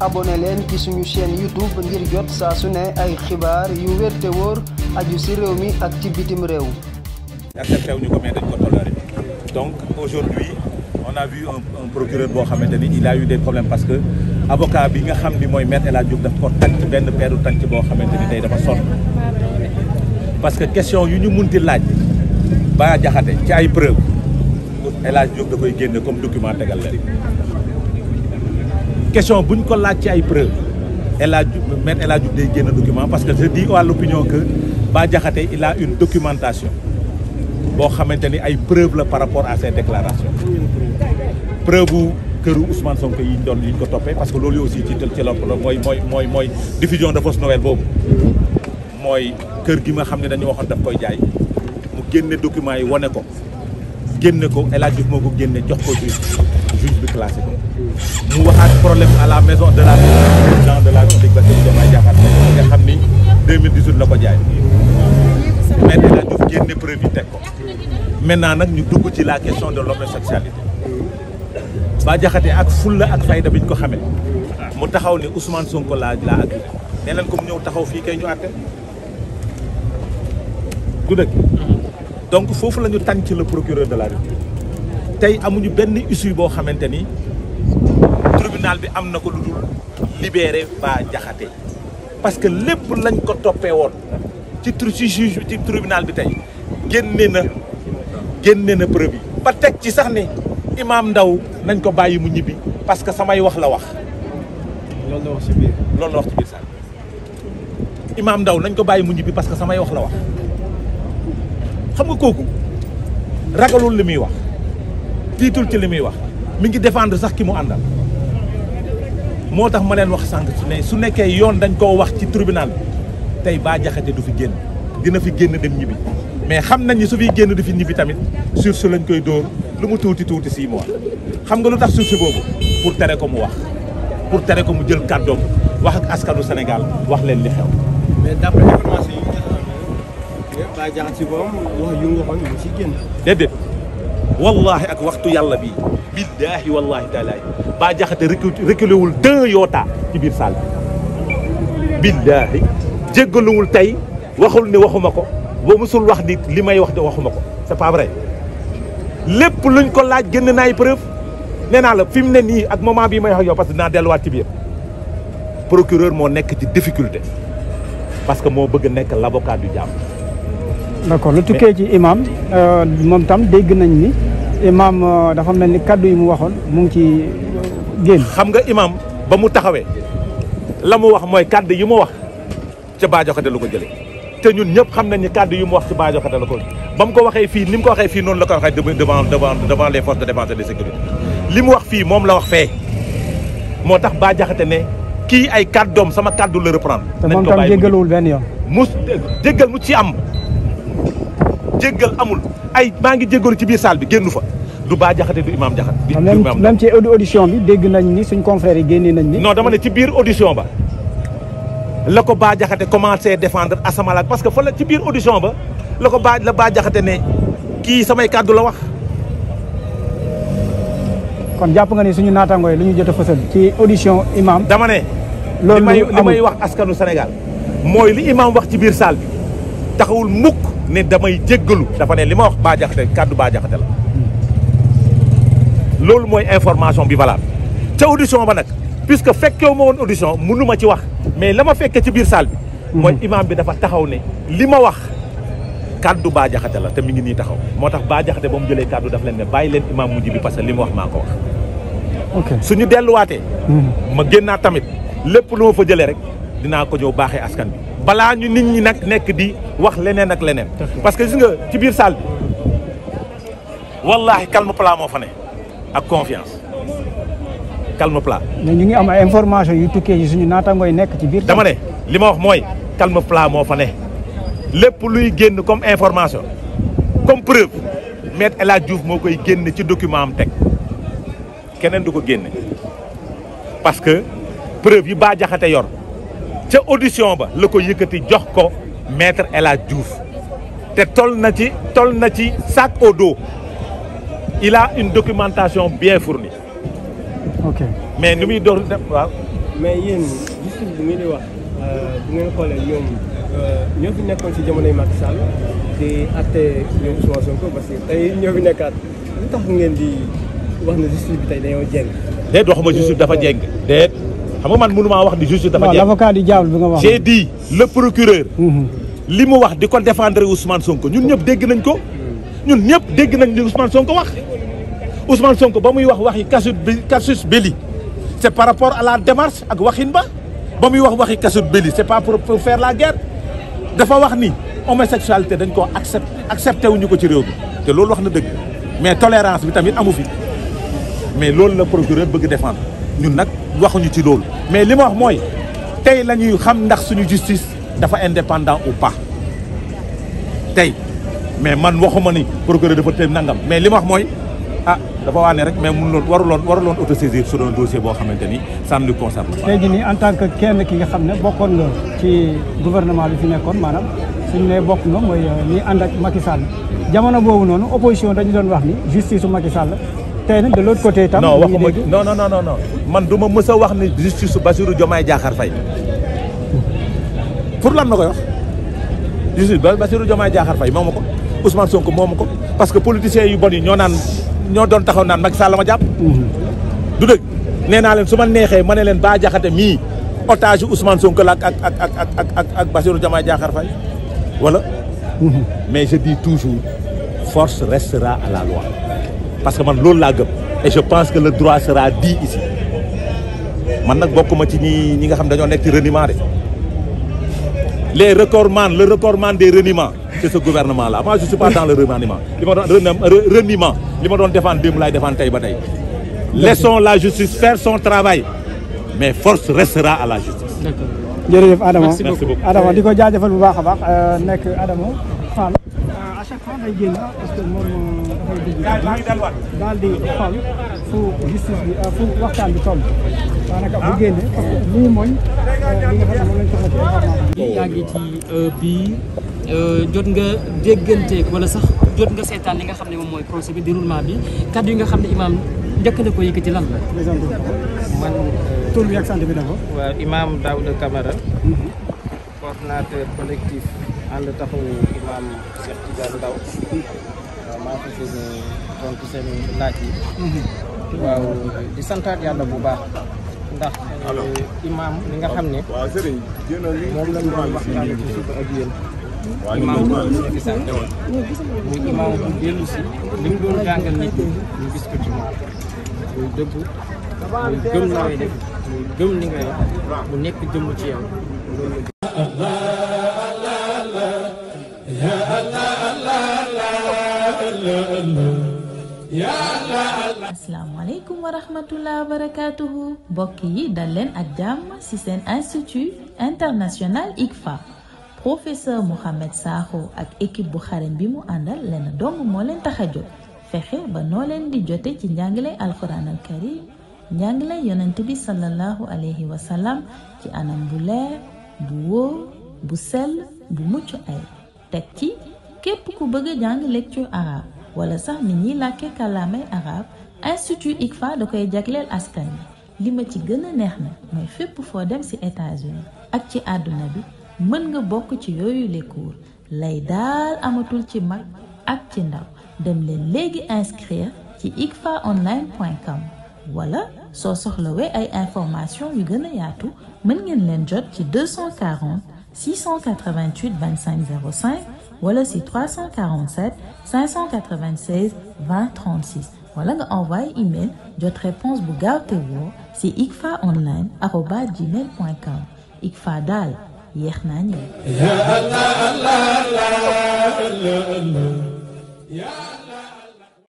abonné leen ci suñu chaîne YouTube ngir jot saa su ne ay xibaar yu wér te wóor aju si réew mi ak ci bitim réew. accepté wuñu ko ko toléré donc aujourd'hui on procureur boo xamante ni il a eu des parce que avocat bi nga xam ni mooy maître El Hadj Diouf daf ko tànc benn peeru tànc boo xamante ni tey dafa sonn parce que question yu ñu mun munti laaj ba jaxate ci ay preuve El Hadj Diouf da koy génne comme document tegal leen. question buñ ko laaj ci ay preuve El Hadj maître El Hadj Diouf day génn document parce que je dis à l'opinion que Bah Diakhaté il a une documentation boo xamante ni ay preuve la par rapport à ces déclarations preuve bu këru Ousmane Sonko yi ñu doon yi ñu ko toppee parce que loolu aussi ci ci la mooy mooy mooy mooy diffusion de fausse nouvelle boobu mooy kër gi ma xam ne dañu waxoon daf koy jaay mu génne document yi wane ko génne ko El Hadj moo ko génne jox ko juge juge bi classé ko mu waxaat problème à la maison de la président de la République Bassirou Diomaye Diakhar Faye nga xam ni 2018 la ko jaay maître El Hadji teg ko maintenant nag ñu dugg ci la question de l'homosexualité ba jaxate ak fulla ak fayda biñ ko xamee mu taxaw ni Ousmane Sonko laa la ak nee leen ko mu ñëw taxaw fii kay ñu àtte du dëgg mm-hmm. donc foofu la ñu tànn ci le procureur de la République tey amuñu benn issue boo xamante ni tribunal bi am na ko lu dul libéré Bah Diakhaté parce que lépp lañ ko toppee woon ci ci juge bi tey génne na génne na preuve ba teg ci sax ni imaam Ndaw nañ ko bàyyi mu ñibbi parce que samay wax la wax. loolu la wax ci Ndaw nañ ko bàyyi mu ñibbi parce que samay wax la wax xam nga kooku ragalul li muy wax. tiitul ci li muy wax mi ngi defendre sax ki mu àndal moo tax ma leen wax sànq su ne su nekkee yoon dañ koo wax ci tribunal bi tey Bah Diakhaté du fi génn dina fi génn dem ñibbi mais xam nañ ni su fiy génn du fi ñibbi tamit sursis lañ koy dóor lu mu tuuti tuuti six mois xam nga lu tax si boobu pour tere ko mu wax pour tere ko mu jël kàddoom wax ak askanu Sénégal wax leen li xew. mais d'après information yi nga xam ne Bah génn. déedéet. wallaahi ak waxtu yàlla bi billaahi wallaahi taalaay Bah Diakhaté reculé wul d'un iota ci biir salle jéggaluwul tey waxul ni waxuma ko ba musul wax nit li may wax de waxuma ko c'est pas vrai lépp luñ ko laaj génn naay preuve nee naa la fi mu ne nii ak moment bii may wax yow parce que dinaa delluwaat ci biir procureur moo nekk ci difficulté parce que moo bëgg nekk l'avocat du diable d'accord lu tukkee ci imam euh, tam dégg nañ ni imaam euh, dafa mel ni kaddu yi mu waxoon mu ngi ci génn. xam nga imaam ba mu taxawee la mu wax mooy kaddu yi mu wax ca Baajoxate la ko jëlee te ñun ñëpp xam nañ ni kaddu yi mu wax ci Baajoxate la ko ba mu ko waxee fii ni mu ko waxee fii noonu la ko waxee devant devant devant les forces de défense et sécurité li mu wax fii moom la wax fee moo tax Baajoxate ne kii ay kaddoom sama kàddu la reprendre. nañ ko bàyyi te moom tam jéggaluwul benn yoon. mu jéggal mu ci am. jéggal amul ay maa ngi jéggalu ci biir salle bi génnu fa du Bah Diakhaté du Imam Diakhaté même ci audition bi dégg nañ ni suñ confrère yi génnee nañ ni non dama ne ci biir audition ba la ko Bah Diakhaté commencé défendre asamalaak parce que fa la ci biir audition ba la ko Bah la Bah ne kii samay kàddu la wax kon jàpp nga ni suñu naataangoo yi lu ñu jot a fësal ci audition imam dama ne loolu li may wax askanu Sénégal mooy li imam wax ci biir saal bi taxawul mukk ne damay jéggalu dafa ne li ma wax Bah Diakhaté kàddu Bah Diakhaté la loolu mooy information bi valable ca audition ba nag puisque fekkewu ma woon audition mënu ma ci wax mais la ma fekke ci biir saal bi mhm. mooy imam bi dafa taxaw ne li ma wax kàddu Bah Diakhaté la te mi ngi nii taxaw moo tax Bah Diakhaté ba mu jëlee kàddu daf leen ne bàyyi leen imam mujj bi parce que li ma wax maa ko wax suñu delluwaatee mhm. ma génnaat tamit lépp lu ma fa jëlee rek dinaa ko ñëw baaxee askan bi balaa ñu nit ñi nag nekk di wax leneen ak leneen. parce que gis nga ci biir salle bi wallaahi calme plat moo fa ne ak confiance calme plat. mais ñu ngi am ay information yu tukkee ci suñu naataangoo yi nekk ci biir. dama ne li ma wax mooy calme plat moo fa ne lépp luy génn comme information comme preuve maître El Hadj moo koy génn ci document am teg keneen du ko génne parce que preuve yi baa jaxate yor. ca audition ba la ko yëkkati jox ko maître El Hadj Diouf te toll na ci toll na ci sac au dos une documentation bien fournie. ok mais ni muy door def waaw. mais yéen discours wax euh, bu ngeen xoolee ñoom euh, ñoo fi nekkoon si jamonoy Macky Sall di atte ñoom Ousmane Sonko parce ñoo fi nekkaat lu tax ngeen di wax ne justice bi tey dañoo jeng. déet waxuma justice dafa jeng xam nga man mënu maa wax di justice dafa jeex l'avocat du diable bi nga wax j'ai dit le procureur mhm. li mu wax di ko défendre Ousmane Sonko ñun ñëpp dégg nañ ko ñun ñëpp dégg nañ li Ousmane Sonko wax Ousmane Sonko ba muy wax waxi casus casus belli c'est par rapport à la démarche ak waxin ba ba muy wax waxi casus belli c'est pas pour faire la guerre dafa wax ni homosexualité dañ ko accepté accepté wuñu ko ci réew bi te loolu wax na dëgg mais tolérance bi tamit amu fi mais loolu la procureur bëgg défendre ñun nag waxuñu ci loolu mais li ma wax mooy tey la ñuy xam ndax suñu justice dafa indépendant u pas tey mais man waxuma ni procureur dafa tey nangam mais li ma wax mooy ah dafa waane rek mais mënuloon waruloon waruloon autosaisir sur un dossier boo xamante ni ça ne lui concerne pas. tey jii en tant que kenn ki nga xam ne bokkoon nga ci gouvernement bi fi nekkoon maanaam suñu nee bokk nga mooy euh, ñi ànd ak Macky Sall jamono boobu noonu opposition dañu doon wax ni justice su Macky Sall tey nag de l'autre côté itam. non waxuma non non non man du ma mës a wax ni justice su Bassirou Diomaye Diakhar Faye pour lan na koy wax justice Bassirou Diomaye fay Faye moomu ko Ousmane Sonko ma ko parce que politiciens yu bon yi ñoo naan ñoo doon taxaw naan Macky Sall la jàpp. Mhm. du dëgg nee naa leen su ma neexee ma ne leen Bah Diakhaté mii otage Ousmane Sonko la ak ak ak ak ak ak Bassirou wala. Mhm. mais je dis toujours force restera à la loi. parce que man loolu laa gëm et je pense que le droit sera dit ici man nag bokkuma ci ñi ñi nga xam dañoo nekk ci reniement de les recordman le recordman des reniements c'est ce gouvernement là moi je suis pas dans le remaniement li ma doon reniement li ma doon défendre démb laay défendre tey ba tey laissons la justice faire son travail mais force restera à la justice jërëjëf Adama Adama di ko jaajëfal bu baax a baax euh, nekk Adama à chaque parce que lii mooy euh, li nga ci euh, information euh, jot nga dégganteeg wala sax jot nga seetaan li nga xam ne mooy procès bi déroulement bi kaddu yi nga xam ne imaam njëkk na ko yëkkati lan la. man tur bi ak sant bi d'abord. waaw imaam Daouda Camara. Mhm. coordonnateur collectif. ànd taxawu imaam Cheikh Tidiane Ndaw waaw maa ngi fas yéene tontu seen laaj yi mhm. waaw di santaat yàlla bu baax ndax euh, imaam ni nga xam ne moom lañ doon waxtaan ci suba ak yéen muy imaam bu dellu si li mu doon jàngal nit ñi ñu gis ko ci moom muy dëgg muy gëm la ngay def mu nekk jëmm ci yow asalaamaaleykum wa rahmatullah wa barakaatuhu mbokk yi dal leen ak jàmm ci seen institut international ICFA professeur Mouhamed Sakho ak équipe bu xarañ bi mu àndal leen dong moo leen tax a jóg fexe ba noo leen di jote ci njàngale alquran al karim njàngale yonent bi sallallahu alayhi wa sallam ci anam bu leer bu wóor bu sell bu mucc ay teg ci képp ku bëgga jàng lecture arabe wala sax nit ñiy làkkee kàllaamay arab institut ICFA da koy jagleel askan bi li ma ci gën a neex na mooy fépp foo dem ci États-Unis ak ci àdduna bi mën nga bokk ci yooyu les cours lay daal amatul ci mag ak ci ndaw dem leen léegi inscrire ci icfaonline.com wala soo soxla soxlawee ay information yu gën a yaatu mën ngeen leen jot ci 240 688 25 05 wala si 347 596 20 36 wala nga envoyé email jot réponse bu gaaw te woo si ikfa online arroba gmail point com ikfa daal yéex naa ñëw.